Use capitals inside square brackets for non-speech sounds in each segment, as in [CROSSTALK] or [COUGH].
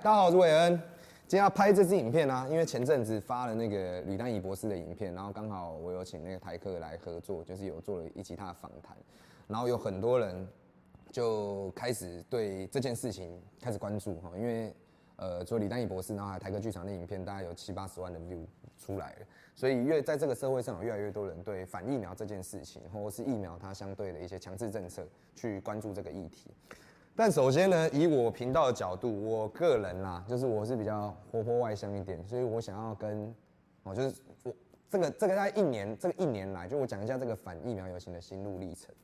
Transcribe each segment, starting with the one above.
大家好，我是韋恩。今天要拍這支影片啊，因為前陣子發了那個呂丹儀博士的影片，然後剛好我有請那個台客來合作，就是有做了一集他的訪談，然後有很多人就開始對這件事情開始關注哈，因為呃做呂丹儀博士，然後還有台客劇場的影片大概有七八十萬的 view 出來了，所以越在這個社會上，有越來越多人對反疫苗這件事情，或是疫苗它相對的一些強制政策去關注這個議題。但首先呢，以我頻道的角度，我個人啦，就是我是比較活潑外向一點，所以我想要跟，哦，就是我這個這個大概一年這個一年來，就我講一下這個反疫苗遊行的心路歷程。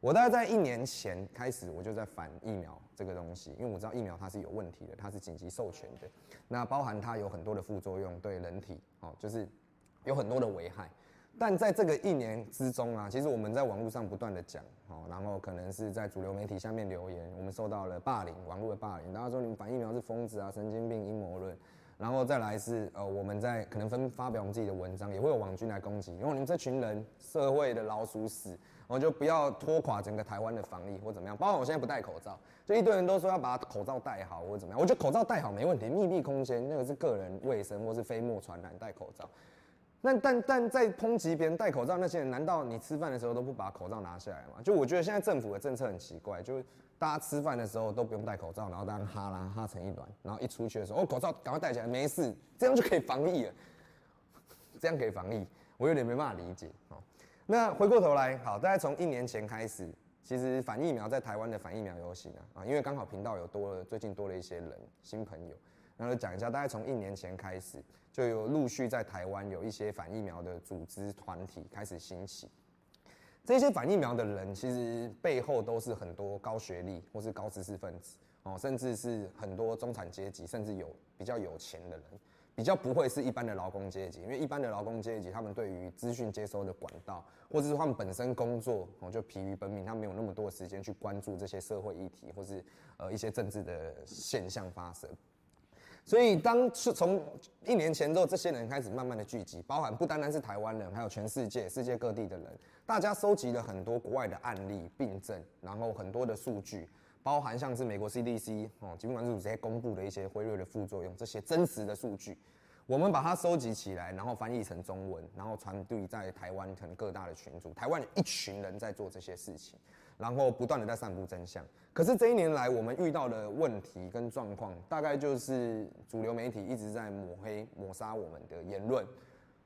我大概在一年前開始，我就在反疫苗這個東西，因為我知道疫苗它是有問題的，它是緊急授權的，那包含它有很多的副作用，對人體哦，就是有很多的危害。但在這個一年之中啊，其實我們在網絡上不斷的講，哦，然後可能是在主流媒體下面留言，我們受到了霸凌，網絡的霸凌，大家說你們反疫苗是瘋子啊，神經病，陰謀論，然後再來是呃，我們在可能分發表我們自己的文章，也會有網軍來攻擊，因為、喔、你們這群人，社會的老鼠屎，然後就不要拖垮整個台灣的防疫或怎麼樣。包括我現在不戴口罩，就一堆人都說要把口罩戴好或怎麼樣，我覺得口罩戴好沒問題，密閉空間那個是個人衛生或是飛沫傳染戴口罩。那但但在抨擊別人戴口罩那些人，難道你吃飯的時候都不把口罩拿下來嗎？就我覺得現在政府的政策很奇怪，就是大家吃飯的時候都不用戴口罩，然後大家哈啦哈成一團，然後一出去的時候，哦，口罩趕快戴起來，沒事，這樣就可以防疫了，這樣可以防疫，我有點沒辦法理解。那回過頭來，好，大概從一年前開始，其實反疫苗在台灣的反疫苗遊行啊，因為剛好頻道有多了，最近多了一些人新朋友。然後講一下，大概從一年前開始，就有陸續在台灣有一些反疫苗的組織團體開始興起。這些反疫苗的人，其實背後都是很多高學歷或是高知識分子哦，甚至是很多中產階級，甚至有比較有錢的人，比較不會是一般的勞工階級。因為一般的勞工階級，他們對於資訊接收的管道，或者是他們本身工作哦，就疲於奔命，他沒有那麼多時間去關注這些社會議題，或是呃一些政治的現象發生。所以當，當是從一年前之後，這些人開始慢慢的聚集，包含不單單是台灣人，還有全世界、世界各地的人。大家收集了很多國外的案例、病症，然後很多的數據，包含像是美國 CDC 哦疾病管制署，直接公布的一些輝瑞的副作用，這些真實的數據，我們把它收集起來，然後翻譯成中文，然後傳遞在台灣可能各大的群組，台灣的一群人在做這些事情。然後不斷的在散布真相，可是這一年來我們遇到的問題跟狀況，大概就是主流媒體一直在抹黑、抹殺我們的言論，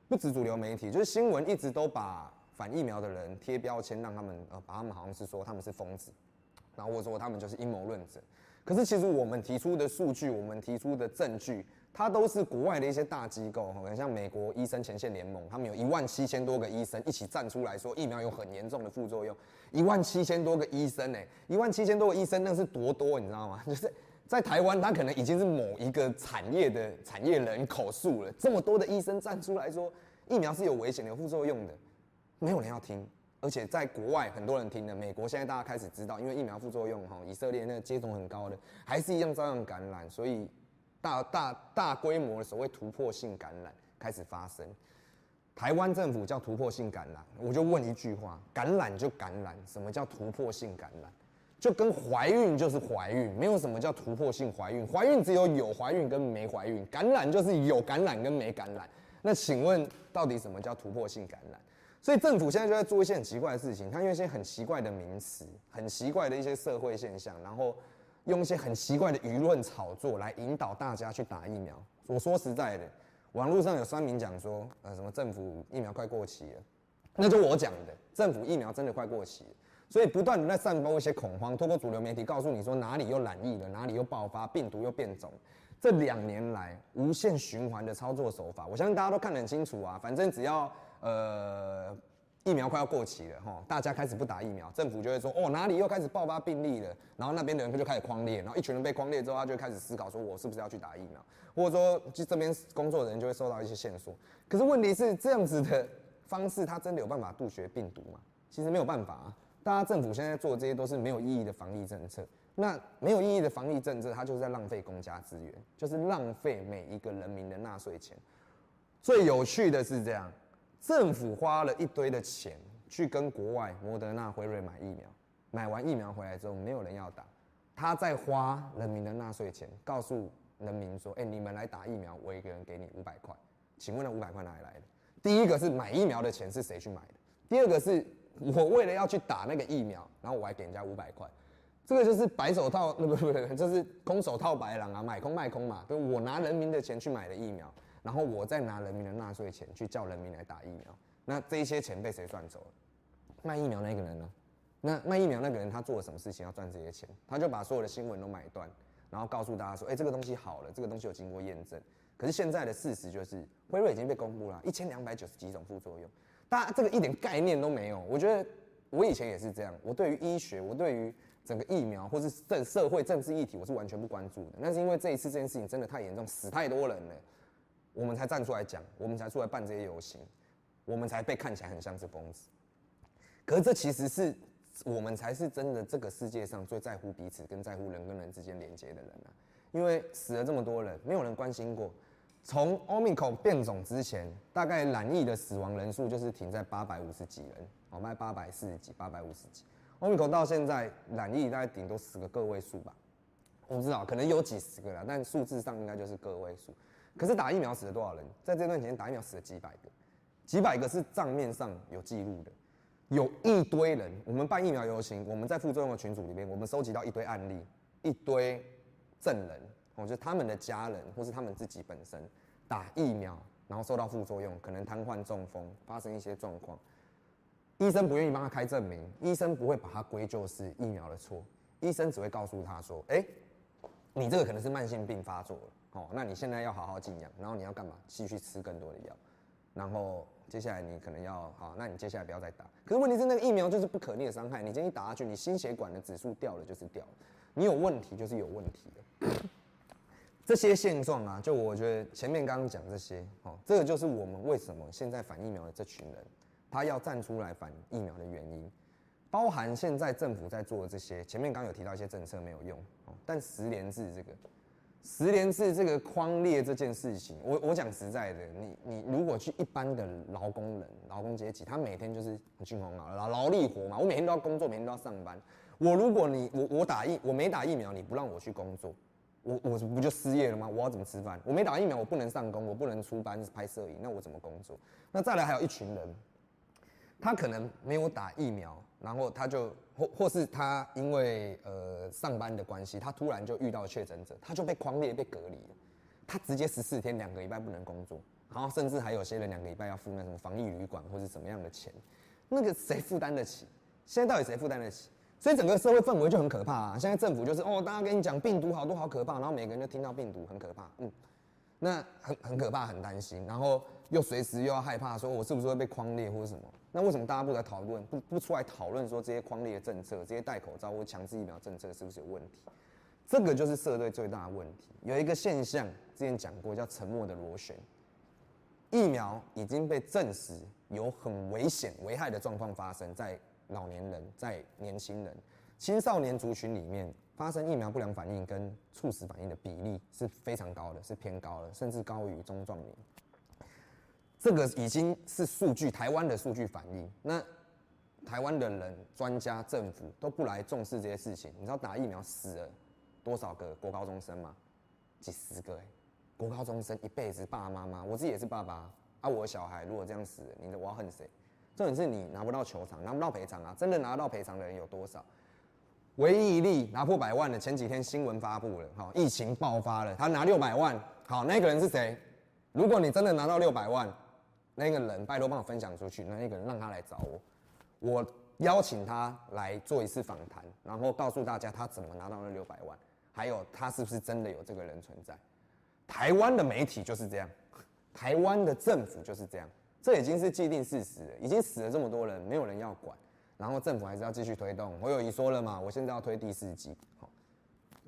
不止主流媒體，就是新聞一直都把反疫苗的人貼標籤，讓他們呃，把他們好像是說他們是瘋子，然後我說他們就是陰謀論者，可是其實我們提出的數據，我們提出的證據。它都是國外的一些大機構，哈，像美國醫生前線聯盟，他們有一萬七千多個醫生一起站出來說疫苗有很嚴重的副作用。一萬七千多個醫生呢，一萬七千多個醫生那是多多，你知道嗎？就是在台灣，它可能已經是某一個產業的產業人口數了。這麼多的醫生站出來說疫苗是有危險、有副作用的，沒有人要聽，而且在國外很多人聽的。美國現在大家開始知道，因為疫苗副作用，哈，以色列那個接種很高的，還是一樣照樣感染，所以。大大大規模的所謂突破性感染開始發生，台灣政府叫突破性感染，我就問一句話：感染就感染，什麼叫突破性感染？就跟懷孕就是懷孕，沒有什麼叫突破性懷孕，懷孕只有有懷孕跟沒懷孕，感染就是有感染跟沒感染。那請問到底什麼叫突破性感染？所以政府現在就在做一些很奇怪的事情，他用一些很奇怪的名詞，很奇怪的一些社會現象，然後，用一些很奇怪的輿論炒作來引導大家去打疫苗。我說實在的，網絡上有鄉民講說，呃，什麼政府疫苗快過期了，那就我講的，政府疫苗真的快過期了，所以不斷的在散播一些恐慌，通過主流媒體告訴你說哪裡又染疫了，哪裡又爆發病毒又變種，這兩年來無限循環的操作手法，我相信大家都看得很清楚啊。反正只要呃。疫苗快要過期了，吼，大家開始不打疫苗，政府就會說，哦，哪裡又開始爆發病例了，然後那邊的人他就開始匡列，然後一群人被匡列之後，他就開始思考說，我是不是要去打疫苗，或者說，就這邊工作人員就會收到一些線索。可是問題是，這樣子的方式，他真的有辦法杜絕病毒嗎？其實沒有辦法啊。大家政府現在做這些都是沒有意義的防疫政策，那沒有意義的防疫政策，它就是在浪費公家資源，就是浪費每一個人民的納稅錢。最有趣的是這樣。政府花了一堆的錢去跟國外摩德納、輝瑞買疫苗，買完疫苗回來之後，沒有人要打，他在花人民的納稅錢，告訴人民說：“哎，你們來打疫苗，我一個人給你五百塊。”請問那五百塊哪裡來的？第一個是買疫苗的錢是誰去買的？第二個是我為了要去打那個疫苗，然後我還給人家五百塊，這個就是白手套，不不不，就是空手套白狼啊，買空賣空嘛，我拿人民的錢去買的疫苗。然後我再拿人民的納稅錢去叫人民來打疫苗，那這些錢被誰賺走了？賣疫苗那個人呢、啊？那賣疫苗那個人他做了什麼事情要賺這些錢？他就把所有的新聞都買斷，然後告訴大家說：誒、欸，這個東西好了，這個東西有經過驗證。可是現在的事實就是，輝瑞已經被公布了一千兩百九十幾種副作用，大家這個一點概念都沒有。我覺得我以前也是這樣，我對於醫學，我對於整個疫苗或是政社會政治議題，我是完全不關注的。那是因為這一次這件事情真的太嚴重，死太多人了。我們才站出來講，我們才出來辦這些遊行，我們才被看起來很像是瘋子。可是這其實是我們才是真的這個世界上最在乎彼此跟在乎人跟人之間連接的人啊！因為死了這麼多人，沒有人關心過。從 Omicron 變種之前，大概染疫的死亡人數就是停在八百五十幾人哦，賣八百四十幾、八百五十幾。Omicron 到現在染疫大概頂多死個個位數吧，我不知道，可能有幾十個啦，但數字上應該就是個位數。可是打疫苗死了多少人？在這段時間打疫苗死了幾百個，幾百個是賬面上有記錄的，有一堆人，我們辦疫苗遊行，我們在副作用的群組裡面，我們收集到一堆案例，一堆證人，哦，就他們的家人或是他們自己本身打疫苗，然後受到副作用，可能癱瘓、中風，發生一些狀況，醫生不願意幫他開證明，醫生不會把他歸咎是疫苗的錯，醫生只會告訴他說，哎、欸，你這個可能是慢性病發作了。哦，那你現在要好好靜養，然後你要幹嘛？繼續吃更多的藥，然後接下來你可能要好、哦，那你接下來不要再打。可是問題是，那個疫苗就是不可逆的傷害，你今天一打下去，你心血管的指數掉了就是掉，你有問題就是有問題的。 [LAUGHS] 這些現狀啊，就我覺得前面剛剛講這些，哦，這個就是我們為什麼現在反疫苗的這群人，他要站出來反疫苗的原因，包含現在政府在做的這些，前面剛有提到一些政策沒有用，哦、但實聯制這個。實聯制這個匡列這件事情，我我講實在的，你你如果去一般的勞工人、勞工階級，他每天就是很辛苦，嘛，勞勞力活嘛，我每天都要工作，每天都要上班。我如果你我我打疫，我沒打疫苗，你不讓我去工作，我我不就失業了嗎？我要怎麼吃飯？我沒打疫苗，我不能上工，我不能出班拍攝影，那我怎麼工作？那再來還有一群人，他可能沒有打疫苗。然後他就或或是他因為呃上班的關係，他突然就遇到確診者，他就被框列被隔離了，他直接十四天兩個禮拜不能工作，然後甚至還有些人兩個禮拜要付那什麼防疫旅館或者怎麼樣的錢，那個誰負擔得起？現在到底誰負擔得起？所以整個社會氛圍就很可怕啊！現在政府就是哦，大家跟你講病毒好多好可怕，然後每個人都聽到病毒很可怕，嗯，那很很可怕很擔心，然後又隨時又要害怕說我是不是會被框列或者什麼。那為什麼大家不來討論，不不出來討論說這些匡列的政策，這些戴口罩或強制疫苗政策是不是有問題？這個就是社會最大的問題。有一個現象，之前講過叫沉默的螺旋。疫苗已經被證實有很危險、危害的狀況發生在老年人、在年輕人、青少年族群裡面，發生疫苗不良反應跟猝死反應的比例是非常高的，是偏高的，甚至高於中壯年。這個已經是數據，台灣的數據反映，那台灣的人、專家、政府都不來重視這些事情。你知道打疫苗死了多少個國高中生嗎？幾十個國高中生一輩子，爸爸媽媽，我自己也是爸爸啊。我的小孩如果這樣死了，你的我要恨誰？重點是你拿不到賠償，拿不到賠償啊！真的拿到賠償的人有多少？唯一一例拿破百萬的，前幾天新聞發布了，哈，疫情爆發了，他拿六百萬。好，那個人是誰？如果你真的拿到六百萬。那個人拜托幫我分享出去，那一個人讓他來找我，我邀請他來做一次訪談，然後告訴大家他怎麼拿到那六百萬，還有他是不是真的有這個人存在。台灣的媒體就是這樣，台灣的政府就是這樣，這已經是既定事實了，已經死了這麼多人，沒有人要管，然後政府還是要繼續推動。侯友宜說了嘛，我現在要推第四劑。好，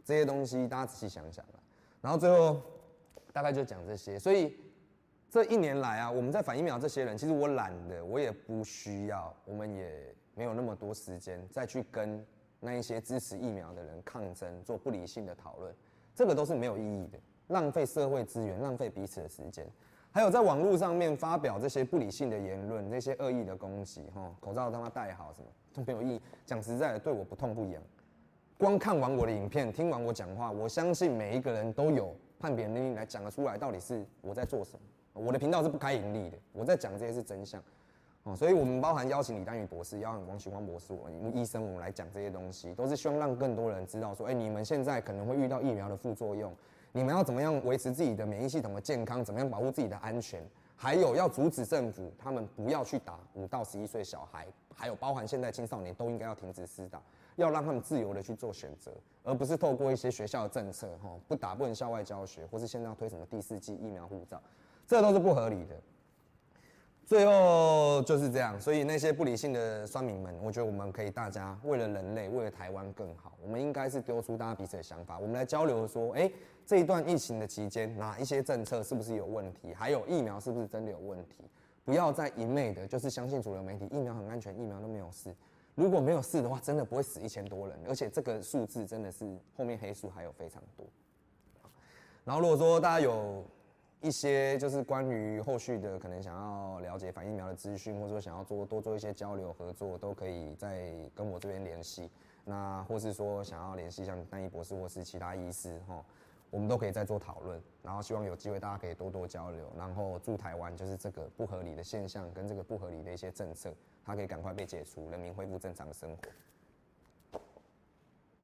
這些東西大家仔細想想吧。然後最後大概就講這些，所以。這一年來啊，我們在反疫苗這些人，其實我懶得，我也不需要，我們也沒有那麼多時間再去跟那一些支持疫苗的人抗爭，做不理性的討論，這個都是沒有意義的，浪費社會資源，浪費彼此的時間。還有在網絡上面發表這些不理性的言論，那些惡意的攻擊，吼口罩他媽戴好什麼都沒有意義。講實在的，對我不痛不癢。光看完我的影片，聽完我講話，我相信每一個人都有判別能力來講得出來，到底是我在做什麼。我的頻道是不開盈利的，我在講這些是真相，哦、嗯，所以我們包含邀請李丹宇博士、邀請王群光博士，我們醫生我們來講這些東西，都是希望讓更多人知道說，哎、欸，你們現在可能會遇到疫苗的副作用，你們要怎麼樣維持自己的免疫系統的健康，怎麼樣保護自己的安全，還有要阻止政府他們不要去打五到十一歲小孩，還有包含現在青少年都應該要停止施打，要讓他們自由的去做選擇，而不是透過一些學校的政策，哈，不打不能校外教學，或是現在要推什麼第四季疫苗護照。這都是不合理的。最後就是這樣，所以那些不理性的酸民們，我覺得我們可以大家為了人類，為了台灣更好，我們應該是丟出大家彼此的想法，我們來交流說，誒，這一段疫情的期間，哪一些政策是不是有問題？還有疫苗是不是真的有問題？不要再一昧的，就是相信主流媒體，疫苗很安全，疫苗都沒有事。如果沒有事的話，真的不會死一千多人，而且這個數字真的是後面黑數還有非常多。然後如果說大家有。一些就是關於後續的，可能想要了解反疫苗的資訊，或者說想要做多做一些交流合作，都可以再跟我這邊聯繫。那或是說想要聯繫像丹一博士或是其他醫師哈，我們都可以再做討論。然後希望有機會大家可以多多交流。然後祝台灣就是這個不合理的現象跟這個不合理的一些政策，它可以趕快被解除，人民恢復正常的生活。